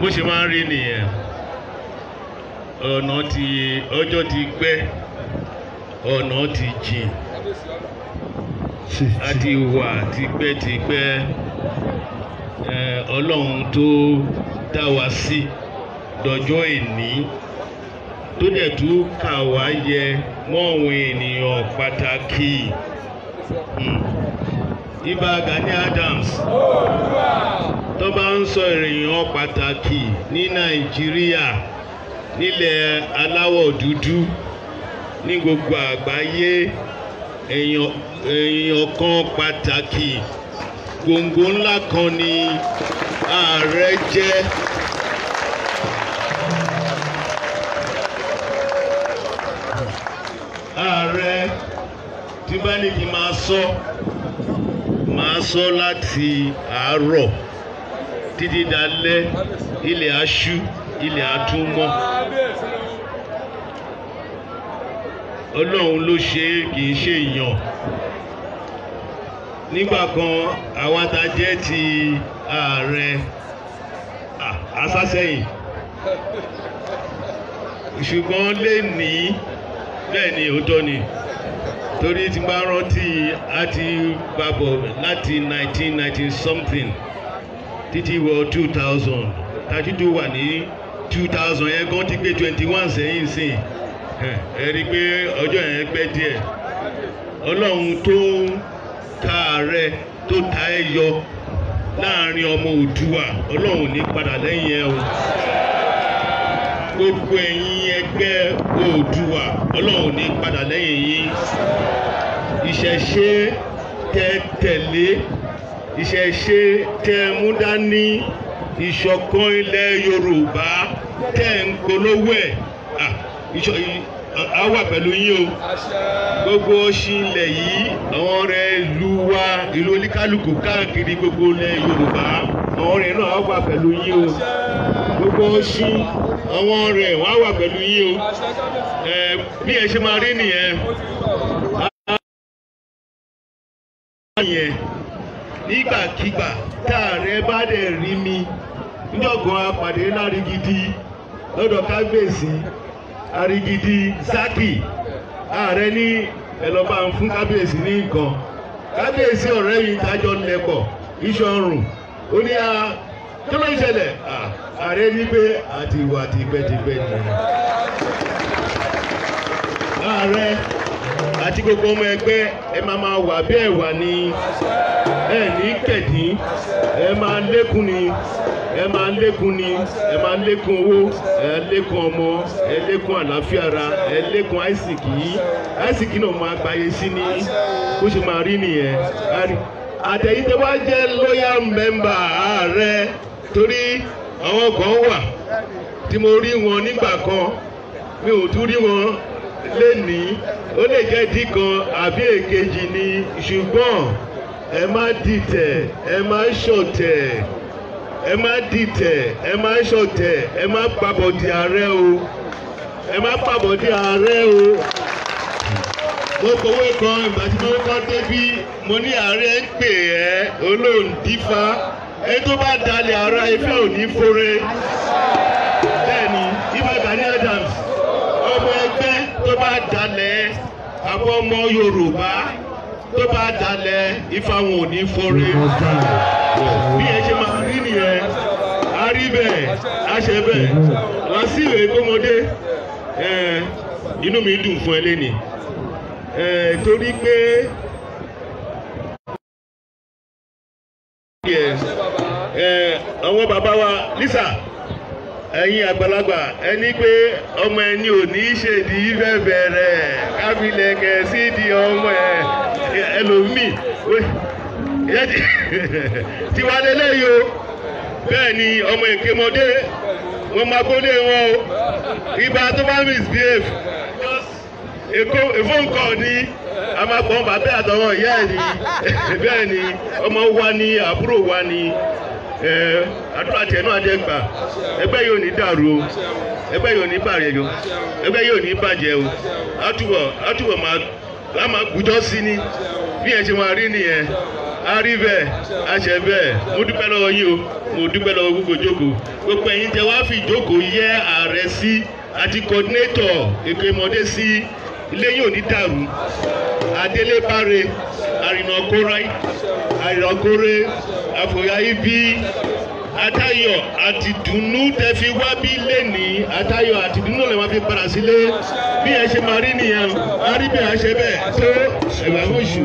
bó ṣe máa ń rí nìyẹn ọ̀nà ti ọjọ́ ti pẹ́ ọ̀nà ti jìn a ti wà tipẹ́tipẹ́ ọlọ́run tó dá wa sí dọjọ́ ìní tó dẹ̀ tún kà wá yẹ mọ́ àwọn ènìyàn pàtàkì. Hmm. iba Gani Adams tó bá ń sọ n'ile pàtàkì ní Nàìjíríà nílẹ̀ aláwọ̀ dúdú ní gbogbo àgbáyé èèyàn kan pàtàkì gbòǹgbò ńlá kan ni ààrẹ jẹ́. ààrẹ tí bá ní kí n máa sọ á sọ láti àárọ̀ títí dalẹ́ ilẹ̀ á ṣú ilẹ̀ á tún mọ́. Ọlọ́run ló ṣe é kì í ṣe èèyàn nígbà kan àwọn atajẹ́ ti ààrẹ asásẹ́yìn ṣùgbọ́n lè ní bẹ́ẹ̀ ni òótọ́ ni torí tí bá rántí a ti gbàgbọ́ láti 1990 something títí wọ 2000 tajudu wà ní 2000 yẹn gan ti gbé 21 sẹ́yìn sìn ẹ rí i pé ọjọ́ yẹn pẹ́ díẹ̀ ọlọ́run tó ta ààrẹ tó ta ẹ yọ láàrin ọmọ òdùwà ọlọ́run ní padà lẹ́yìn ẹ o gbogbo ẹ̀yin ẹgbẹ́ Oòduà ọlọ́run ní padà lẹ́yìn yín ìṣẹ̀ṣe tẹ tẹ̀lé ìṣẹ̀ṣe tẹ mú dání ìṣọ̀kan ilẹ̀ Yorùbá tẹ ń polówó ẹ̀ a wà pẹ̀lú yín o gbogbo ọṣin ilẹ̀ yìí àwọn ọ̀rẹ́ ìlú wa ìlú oníkálukú káàkiri gbogbo ilẹ̀ Yorùbá àwọn ọ̀rẹ́ náà wà pẹ̀lú yín o gbogbo ọṣin. àwọn rẹ̀ wọ́n á wà pẹ̀lú yín o bí ẹ ṣe máa rí nìyẹn yẹn nígbàkigbà tá táàrẹ bá dẹ̀ rí mi ńdọ̀gàn apàdé lárigidi lọ́dọ̀ kábíyèsí arigidi Zaki ààrẹ ní ẹlọ́ba ń fún kábíyèsí ní nǹkan kábíyèsí ọ̀rẹ́ mi tájọ́ ń lẹ́pọ̀ iṣan rùn ó ní a. kí ló ń ṣẹlẹ̀ ààrẹ ní pé àti ìwà ni ààrẹ àti gbogbo ọmọ ẹgbẹ́ ẹ máa wà bí ẹ̀wà ni ẹ ní kẹ̀dín ẹ máa lékún ni ẹ máa lékún ni ẹ máa lékún owó ẹ lékún ọmọ ẹ lékún ni bó ṣe máa rí nìyẹn àtẹ̀yìntẹ́wá jẹ́ ààrẹ. torí àwọn kan wà tí mo rí wọn nígbà kan mi ò tún rí wọn lénìí ó lè jẹ́ ìdí kan àbí èkejì ni ṣùgbọ́n ẹ má dìtẹ̀ ẹ má ṣọ̀tẹ̀ ẹ má dìtẹ̀ ẹ má ṣọ̀tẹ̀ ẹ má pàbọ̀dì ààrẹ o ẹ má pàbọ̀dì ààrẹ o mo kọ̀wé kan ìgbà tí mo kọ́ débí mo ní ààrẹ ń pè ẹ́ olóńdífá èyí tó bá dalẹ̀ ara Ifẹ̀ ò ní fore bẹ́ẹ̀ni Ìbà Gani Adams ọmọ ẹgbẹ́ tó bá dalẹ̀ àwọn ọmọ Yorùbá tó bá dalẹ̀ Ifá wọn ò ní fore bí ẹ ṣe máa rí nìyẹn a rí bẹ́ẹ̀ a ṣe bẹ́ẹ̀ Wàsíù Èkómọdé inú mi dùn fún ẹ lẹ́nìí torí pé. years àwọn eh, bàbá wa Lisa. ẹ̀yin àgbàlagbà ẹni pé ọmọ ẹni ò ní í ṣèdí fẹ́fẹ́ rẹ̀ kábílẹ̀ kẹ̀sí di ọmọ ẹ̀ ẹlòmíì tiwale lẹ́yìn o bẹ́ẹ̀ ni ọmọ èkémọdé wọn máa kólé wọn o ibà tó bá misbehave èkó èfóǹkọ̀ ni. a máa pọ̀ bàbá àtọwọ́ ìyá ẹ̀ ni bẹ́ẹ̀ ni ọmọ wa ni àbúrò wa ni àdúrà tiẹ̀ náà jẹ́ gbà ẹgbẹ́ yóò ní dàrú o ẹgbẹ́ yóò ní bàrẹ̀ o ẹgbẹ́ yóò ní bàjẹ́ o àtúbọ̀ àtúbọ̀ máa sí ni o mo dúpẹ́ lọ́wọ́ gbogbo ìjókòó gbogbo ẹ̀yin tẹ wá fi ìjókòó yẹ ààrẹ sí àti ilé yìí ò ní dàrú adélébáre àrìnàkórè àfòyáyíbí atayọ̀ àti dùnú tẹ fi wá bí lẹ́nìí atayọ̀ àti dùnú lè wá fi padà sílé bí ẹ ṣe máa rí nìyẹn a bí ẹ ṣe bẹ́ẹ̀ tó ẹ̀wà oṣù.